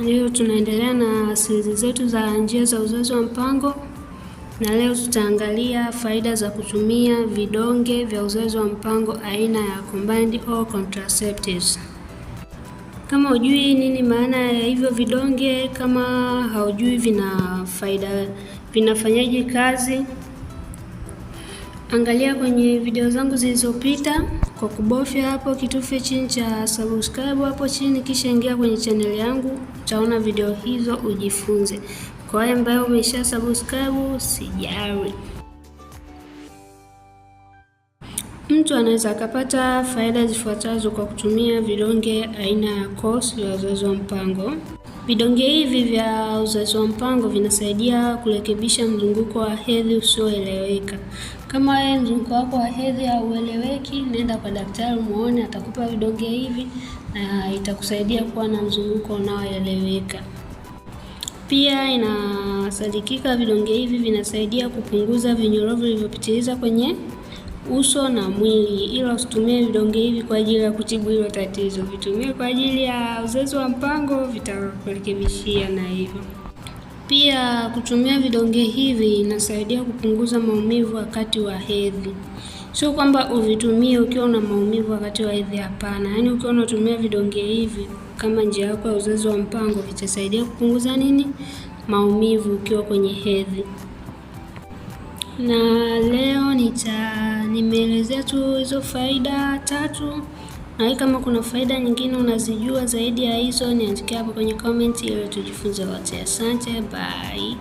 Leo tunaendelea na silizi zetu za njia za uzazi wa mpango, na leo tutaangalia faida za kutumia vidonge vya uzazi wa mpango aina ya combined oral contraceptives. Kama hujui nini maana ya hivyo vidonge, kama haujui vina faida, vinafanyaje kazi, angalia kwenye video zangu zilizopita kwa kubofya hapo kitufe chini cha subscribe hapo chini, kisha ingia kwenye chaneli yangu, utaona video hizo ujifunze. Kwa wale ambao umesha subscribe, sijawi Mtu anaweza akapata faida zifuatazo kwa kutumia vidonge aina ya COS ya uzazi wa mpango. Vidonge hivi vya uzazi wa mpango vinasaidia kurekebisha mzunguko wa hedhi usioeleweka. Kama wewe mzunguko wako wa hedhi haueleweki, nenda kwa daktari muone, atakupa vidonge hivi na itakusaidia kuwa na mzunguko unaoeleweka. Pia inasadikika vidonge hivi vinasaidia kupunguza vinyorovu vilivyopitiliza kwenye uso na mwili, ila usitumie vidonge hivi kwa ajili ya kutibu hilo tatizo. Vitumie kwa ajili ya uzazi wa mpango, vitakurekebishia na hivyo pia. Kutumia vidonge hivi inasaidia kupunguza maumivu wakati wa hedhi. Sio kwamba uvitumie ukiwa una maumivu wakati wa hedhi, hapana. Yaani ukiwa unatumia vidonge hivi kama njia yako ya uzazi wa mpango, vitasaidia kupunguza nini, maumivu ukiwa kwenye hedhi. Na leo nitaa nimeelezea tu hizo faida tatu, na kama kuna faida nyingine unazijua zaidi ya hizo, niandikia hapo kwenye comment ili tujifunze wote. Asante, bye.